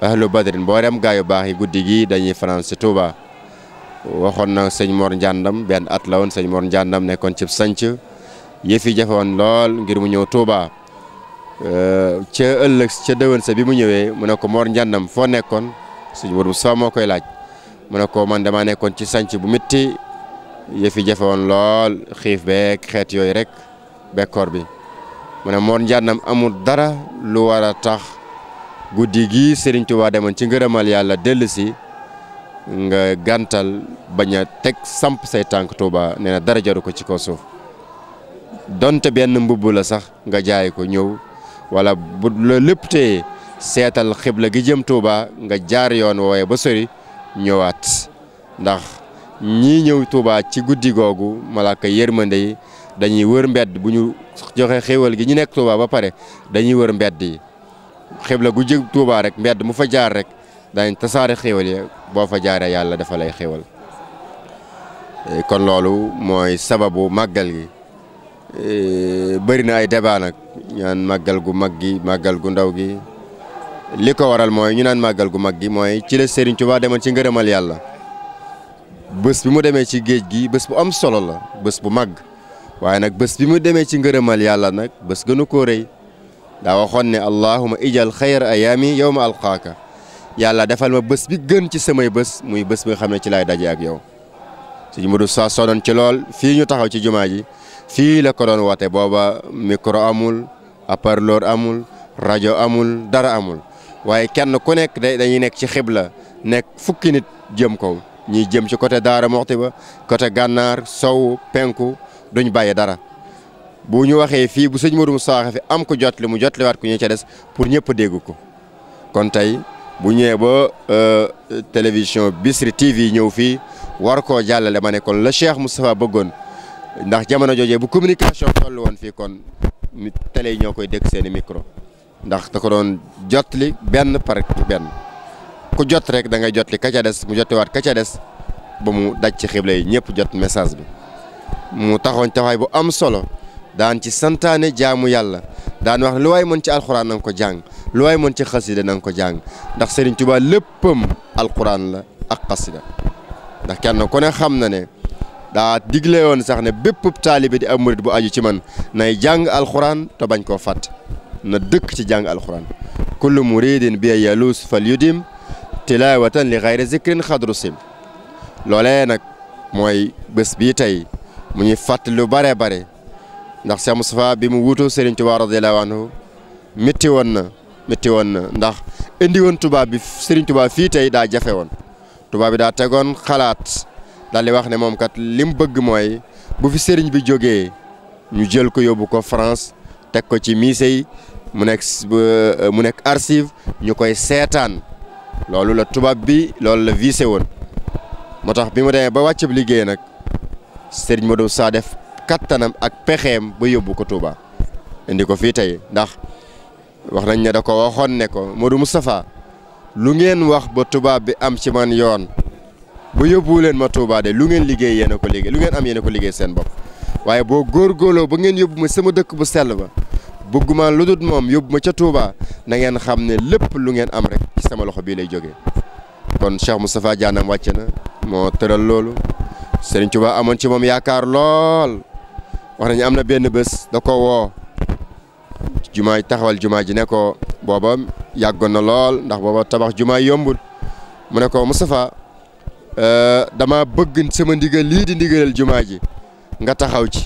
ahlu badrin mboolem gaa yu baax yi guddi gi dañuy fanaan si Touba waxoon na sëñ Mor Ndiandam benn at la woon sëñ Mor Ndiandam nekkoon cib sanc yëf yi jafe woon lool ngir mu ñëw Touba. Euh, ca ëllëg ca déwén sa bi mu ñëwee mu ne ko Mor Njàndam foo nekkoon suñu Modou Moustapha moo koy laaj mu ne ko man damaa nekkoon ci sànc bu metti yëf yi jafe woon lool xiif beeg xeet yooyu rek bekkoor bi mu ne Mor Njàndam amul dara lu war a tax guddi gi Serigne Touba demoon ci ngërëmal yàlla dellu si nga gàntal bañ a teg samp say tànk Touba nee na dara jaru ko ci kaw suuf doonte benn mbubb la sax nga jaay ko ñëw. wala bu la lépp te seetal xibla gi jëm Touba nga jaar yoon wooye ba sori ñëwaat ndax ñii ñëw Touba ci guddi googu malaaka yërmande yi dañuy wër mbedd bu ñu joxe xéewal gi ñu nekk Touba ba pare dañuy wër mbedd yi xibla gu jëm Touba rek mbedd mu fa jaar rek dañ tasaare xéewal yi boo fa jaaree yàlla dafa lay xéewal e, kon loolu mooy sababu màggal gi e, bëri na ay débat ñaan màggal gu mag gi màggal gu ndaw gi li ko waral mooy ñu naan màggal gu mag gi mooy ci la Serigne Touba demoon ci ngërëmal yàlla bés bi mu demee ci géej gi bës bu am solo la bés bu mag waaye nag bës bi mu demee ci ngërëmal yàlla nag bës gënu ko rëy daa waxoon ne allahuma ijal xayra ayaami yow ma alqaaka yàlla defal ma bés bi gën ci samay bés muy bës bi nga xam ne ci lay daje ak yow suñu mbiru saa sonoon ci lool fii ñu taxaw ci jumaa ji fii la ko doon woote booba micro amul haut-parleur amul rajo amul dara amul waaye kenn ku nekk day dañuy nekk ci xibla nekk fukki nit jëm kaw ñuy jëm ci côté Daara Moxti ba côté gànnaar sow penku duñ bàyyi dara bu ñu waxee fii bu sëñ Modou Moussa am ko jotli mu jotliwaat ku ñu ca des pour ñëpp dégg ko kon tey bu ñëwee ba euh, télévision Bichri TV ñëw fii war koo jàllale ma ne kon la Cheikh Moustapha bëggoon ndax jamono joojee bu communication toll woon fii kon télé yi ñoo koy dégg seeni i micro ndax da ko doon jot li benn par benn ku jot rek da ngay jot li ka ca des mu jotiwaat ka ca des ba mu daj ci xibla yi ñëpp jot message bi mu taxoon taxawaay bu am solo daan ci santaane jaamu yàlla daan wax lu waay mën ci alxuraan na nga ko jàng lu waay mën ci xasida na nga ko jàng ndax Serigne Touba léppam alxuraan la ak xasida ndax kenn ku ne xam na ne. daa digle woon sax ne bépp taalibe di ab murit bu aju ci man nay jàng alxuraan te bañ koo fàtte na dëkk ci jàng alxuraan kullu muridin bi yalus fal yudim tilaawatan li xayri zikrin xadru sim loolee nag mooy bés bii tey mu ñuy fàttali lu bare bare ndax Cheikh Moustapha bi mu wuutoo Serigne Touba radiyallahu anhu woon na métti woon na ndax indi woon tubaab bi Serigne Touba fii tey daa jafe woon tubaab daa tegoon xalaat daal di wax ne moom kat li mu bëgg mooy bu fi sëriñ bi jógee ñu jël ko yóbbu ko France teg ko ci musée yi mu nekk euh, mu nekk archive ñu koy seetaan loolu la tubaab bi loolu la visé woon moo tax bi mu demee ba wàccab liggéey nag sëriñ Modou saa def kattanam ak pexeem ba yóbbu ko Touba indi ko fii tey ndax wax nañ ne da ko waxoon ne ko Modou Moustapha lu ngeen wax ba tubaab bi am ci man yoon ba yóbbuwu leen ma Touba de lu ngeen liggéey yéen ko liggéey lu ngeen am yéen a ko liggéey seen bopp waaye boo góorgóorloo ba ngeen yóbbu ma sama dëkk bu sel ba bëgguma lu dul moom yóbbu ma ca Touba na ngeen xam ne lépp lu ngeen am rek ci sama loxo bii lay jógee kon Cheikh Moustapha Dianam wàcce na moo tëral loolu seen Touba amoon ci moom yaakaar lool wax nañu am na benn bés da ko woo jumaa taxawal jumaa ji ne ko booba yàggoon na lool ndax booba tabax jumaa yombul Euh, dama bëgg sama ndigal lii di ndigalal jumaa ji nga taxaw ci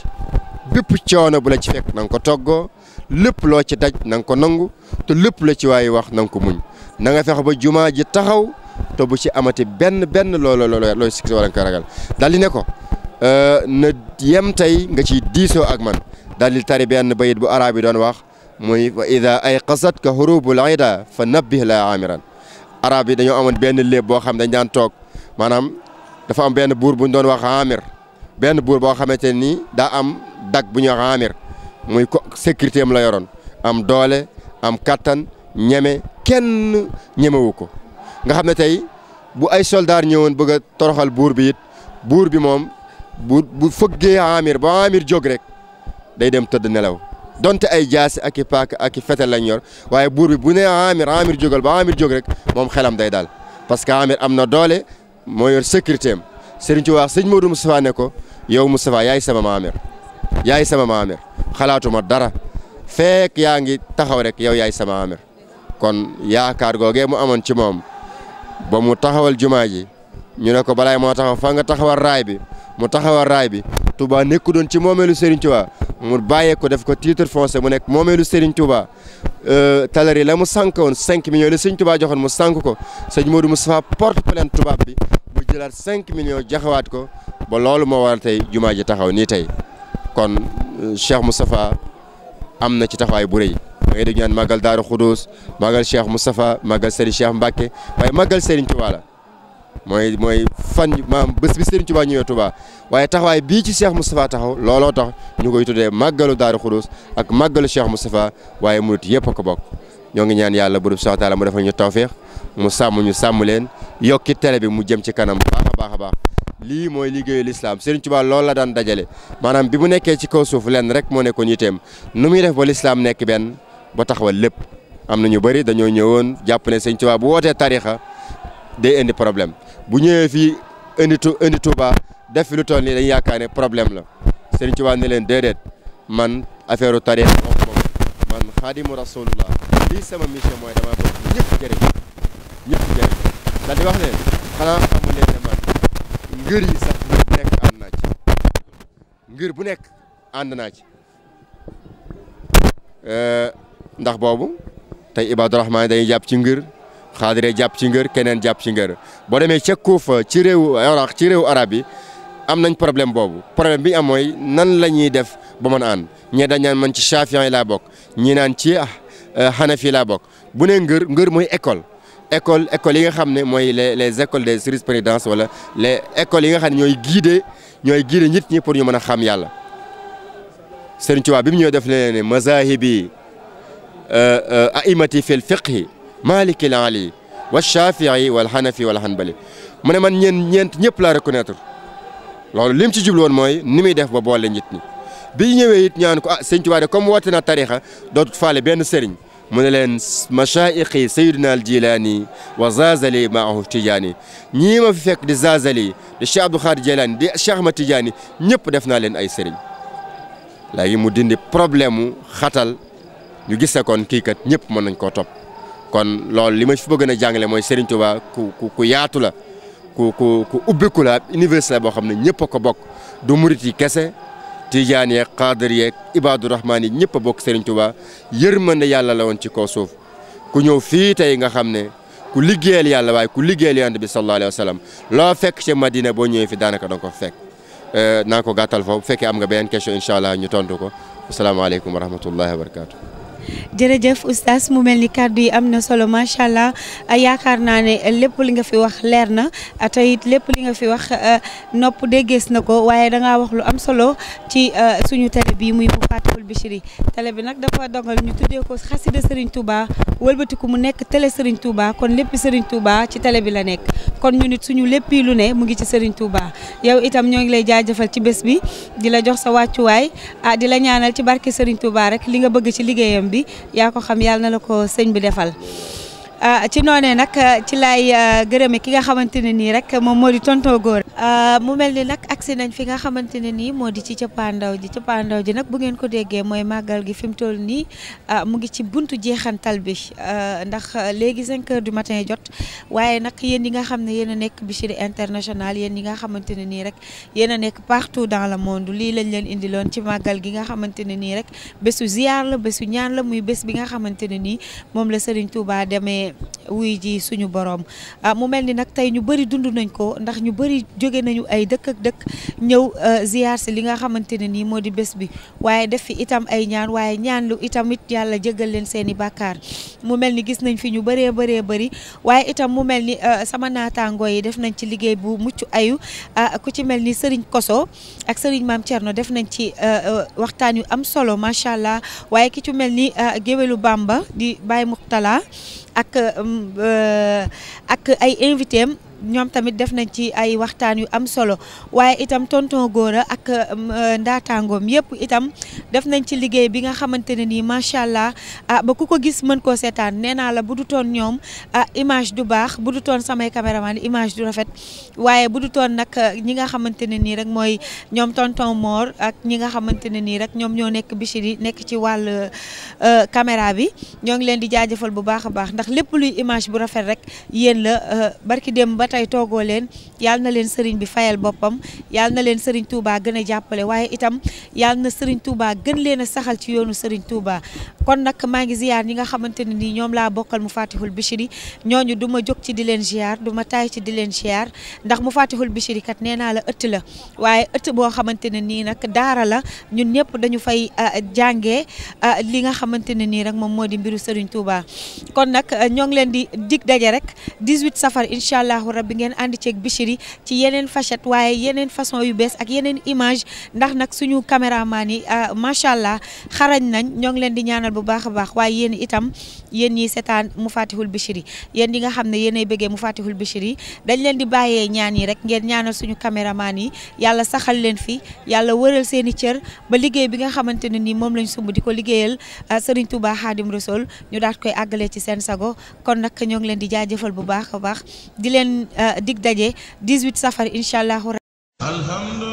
bépp coono bu la ci fekk na ko toggoo lépp loo ci daj na ko nangu te lépp la ci waaye wax na ko muñ na nga fex ba jumaa ji taxaw te bu ci amati benn benn loolo loolo looy sikki wala nga ragal ne ko euh, na yem tey nga ciy diisoo ak man daal di tari benn bayit bu araab yi doon wax muy wa ida ay qasat ka xurubul ida fa nabbi la amiran araab yi dañoo amoon benn léeb boo xam dañ daan toog maanaam dafa am benn buur bu ñu doon wax amir benn buur boo xamante nii daa am dagg bu ñuy wax amir muy ko sécurité am la yoroon am doole am kattan ñeme kenn ñemewu ko nga xam ne tey bu ay soldaar ñëwoon bëgg a toroxal buur bi it buur bi moom bu bu fëggee amir ba amir jóg rek day dem tëdd nelaw donte ay jaasi ak i paak ak i fetel lañ yor waaye buur bi bu nee amir amir jógal ba amir jóg rek moom xelam day daal parce que amir am na moo yor sécurité am sëriñ ci wax sëñ Modou Moustapha ko yow Moustapha yaay sama maameer yaay sama maameer xalaatuma dara fekk yaa ngi taxaw rek yow yaay sama maameer kon yaakaar googee mu amoon ci moom ba mu taxawal jumaa ji ñu ne ko balaay moo taxaw fa nga taxawal raay bi mu taxawal raay bi Touba nekku doon ci moomeelu Serigne Touba mu bàyyee ko def ko titre foncier mu nekk moomeelu Serigne Touba euh, talari la mu sànq woon 5 millions la Serigne Touba joxoon mu sànq ko sëñ mu Moustapha porte plainte tubaab bi bu jëlaat 5 millions jaxawaat ko ba loolu moo waral tey jumaa ji taxaw nii tey kon euh, Cheikh Moustapha am na ci taxawaay bu rëy da ngay dégg ñaan màggal Daaru Xudoos màggal Cheikh Moustapha màggal Serigne Cheikh Mbacke waaye màggal Serigne Touba mooy mooy fan maam bés bi Serigne ñu ñëwee tubaa waaye taxawaay bii ci Cheikh Moustapha taxaw looloo tax ñu koy tuddee màggalu daar Khoudoss ak màggalu Cheikh Moustapha waaye murit yëpp a ko bokk ñoo ngi ñaan yàlla borom subhanahu wa taala mu defal ñu tawféex mu sàmm ñu sàmm leen yokki télé bi mu jëm ci kanam baax a baax a baax lii mooy liggéeyu lislaam Serigne Touba loolu la daan dajale maanaam bi mu nekkee ci kaw suuf leen rek moo nekkoon yitteem nu muy def ba lislaam nekk benn ba taxawal lépp am na ñu bëri dañoo ñëwoon jàpp ne Serigne bu wootee tarixa day indi problème bu ñëwee fii indi tu indi Touba def fi dañu yaakaar ne problème la seen Touba ne leen déedéet man affaire tariix moom moom man xaadimu rasulullah lii sama mission mooy dama bokk ñëpp jëriñ ñëpp di wax leen xanaa xamu man ngir yi sax ngir bu nekk ànd naa ci euh, ndax boobu tey Ibadou Rahman dañuy jàpp ci ngir xaadire jàpp ci ngër keneen jàpp ci ngër boo demee ca Kuufa ci réewu Iraq ci réewu arab yi am nañ problème boobu problème bi am mooy nan la ñuy def ba mën a ànd ñee dañ naan man ci Chafiyan yi laa bokk ñi naan ci ah, euh, Hanafi la bokk bu ne ngër ngër mooy école école école yi nga xam ne mooy les les écoles de jurisprudence wala les écoles yi nga xam ne ñooy giide ñooy guider nit ñi pour ñu mën a xam yàlla Sëriñ Tuubaa bi mu ñëw def leen ne mazahibi euh, euh, aimati fil fiqhi maliki l ali wa shafii wal hanafi wal hanbali mu ne man ñeen ñeent ñëpp laa reconnaître loolu lim ci jublu woon mooy ni muy def ba boole nit ñi bi ñëwee it ñaan ko a ah, sëñ Tuubaa de comme woote na tarixa dootut faale benn sëriñ mu ne leen mashaayiqi sayiduna al jilaani wa zazali maahu tijaani ñii ma fi fekk di zazali di Cheikh Abdou Khadir Jilaani di Cheikh Ahmad Tijaani ñëpp def naa leen ay sëriñ léegi mu dindi problème mu xatal ñu gise kon kii kat ñëpp mën nañ koo topp kon loolu li ma fi bëgg a jàngale mooy Serigne Touba ku ku ku yaatu la ku ku ku ubbiku la université la boo xam ne ñëpp ko bokk du murit yi kese tijaan yeeg xaadir yeeg ibaadu rahmaan yi ñëpp a bokk Serigne Touba yërmande yàlla la woon ci kaw suuf ku ñëw fii tey nga xam ne ku liggéeyal yàlla waaye ku liggéeyal yonent bi sallallahu alayhi wa sallam loo fekk ci Madina boo ñëwee fi daanaka danga ko fekk euh, na ko gàttal foofu bu fekkee am nga beneen question incha allah ñu tontu ko asalaamaaleykum wa rahmatullahi wa jërëjëf oustaz mu mel ni kàddu yi am na solo macha allah yaakaar naa ne lépp li nga fi wax leer na te it lépp li nga fi wax euh, nopp déggees na ko waaye dangaa wax lu am solo ci euh, suñu télé bi muy mu Faatihul Bichri tele bi nag dafa dogal ñu tuddee ko xasida Serigne Touba wëlbatiku mu nekk tele Serigne Touba kon lépp Serigne Touba ci télé bi la nekk kon ñu nit suñu léppi lu ne mu ngi ci Serigne Touba yow itam ñoo ngi lay jaajëfal ci bés bi di la jox sa wàccuwaay ah la ñaanal ci barke Serigne Touba li nga bëgg ci liggéeyam yaa ko xam yàlla na la ko sëñ bi defal Ah, ci noone nag ci laay ah, gërëme ki nga xamante ne nii rek moom moo di tonton ah, mu mel ni nag agsi nañ fi nga xamante ne nii moo di ci cëppaandaw ji cëppaandaw ji nag bu ngeen ko déggee mooy màggal gi fi mu toll nii mu ngi ci buntu jeexantal bi ndax léegi 5 heures du matin jot waaye nag yéen yi nga xam ne yéen a nekk Bichri international yéen yi nga xamante ne nii rek yéen nekk partout dans le monde lii lañ leen indiloon ci màggal gi nga xamante ne nii rek bésu ziar bésu ñaan muy bés bi nga xamante ne nii moom la Serigne Touba demee demee wuy ji suñu borom ah, mu mel ni nag tey ñu bëri dund nañ ko ndax ñu bëri jóge nañu ay dëkk ak dëkk ñëw ah, ziar si li nga xamante ne nii moo di bés bi waaye def fi itam ay ñaan waaye ñaan lu itamit yàlla jéggal leen seeni i bàkkaar mu mel ni gis nañ fi ñu bëree bëree bari waaye itam mu mel ni ah, sama naataangoo yi def nañ ci liggéey bu mucc ayu ku ci mel ni Serigne Koso ak sëriñ Maam Thierno def nañ ci waxtaan yu am solo macha allah waaye ki ci mel ni géwélu Bamba di ak euh, ak ay invité am ñoom tamit def nañ ci ay waxtaan yu am solo waaye itam tonton Gora ak mm, euh, ndaataangoom yëpp itam def nañ ci liggéey bi nga xamante ne nii macha allah ah ba ku ko gis mën koo seetaan nee naa la bu du toon ñoom ah image du baax bu du toon samay caméraman image du rafet waaye bu du toon nag ah, ñi nga xamante ne nii rek mooy ñoom tonton Mor ak ñi nga xamante ne nii rek ñoom ñoo nekk Bichri nekk ci wàll euh, caméra bi ñoo ngi leen di jaajëfal bu baax a baax ndax lépp luy image bu rafet rek yéen la euh, barki dem ba tey toogoo leen yal na leen sëriñ bi fayal boppam yal na leen sëriñ Touba gën a jàppale waaye itam yal na sëriñ Touba gën leen a saxal ci yoonu sëriñ Touba kon nag maa ñi nga xamante ne nii ñoom laa bokkal mu fatihul bichiri ñooñu du ma jóg ci di leen ziyaar du ma taay ci di leen ziyaar ndax mu fatihul bichiri kat nee naa la ëtt la waaye ëtt boo xamante ne nii nag daara la ñun ñëpp dañu fay ah, jàngee ah, li nga xamante ne nii rek moom moo di mbiru sëriñ Touba ah, daje rek 18 safar incha allahu rabbi ngeen ànd ceeg Bichri ci yeneen facette waaye yeneen façon yu bees ak yeneen image ndax nag suñu caméraman yi euh, macha allah xarañ nañ ñoo ngi leen di ñaanal bu baax a baax waaye yéen itam yéen ñiy seetaan mu fatihul Bichri yéen di nga xam ne yéenay bëggee mu fatihul yi dañ leen di bàyyee ñaan yi rek ngeen ñaanal suñu caméraman yi yàlla saxal leen fi yàlla waral seen i cër ba liggéey bi nga xamante ne nii moom lañ sumb di ko liggéeyal euh, Serigne Touba Khadim Rasoul ñu daat koy àggale ci seen sago di jaajëfal bu baax leen euh, dig daje 18 safar incha allahu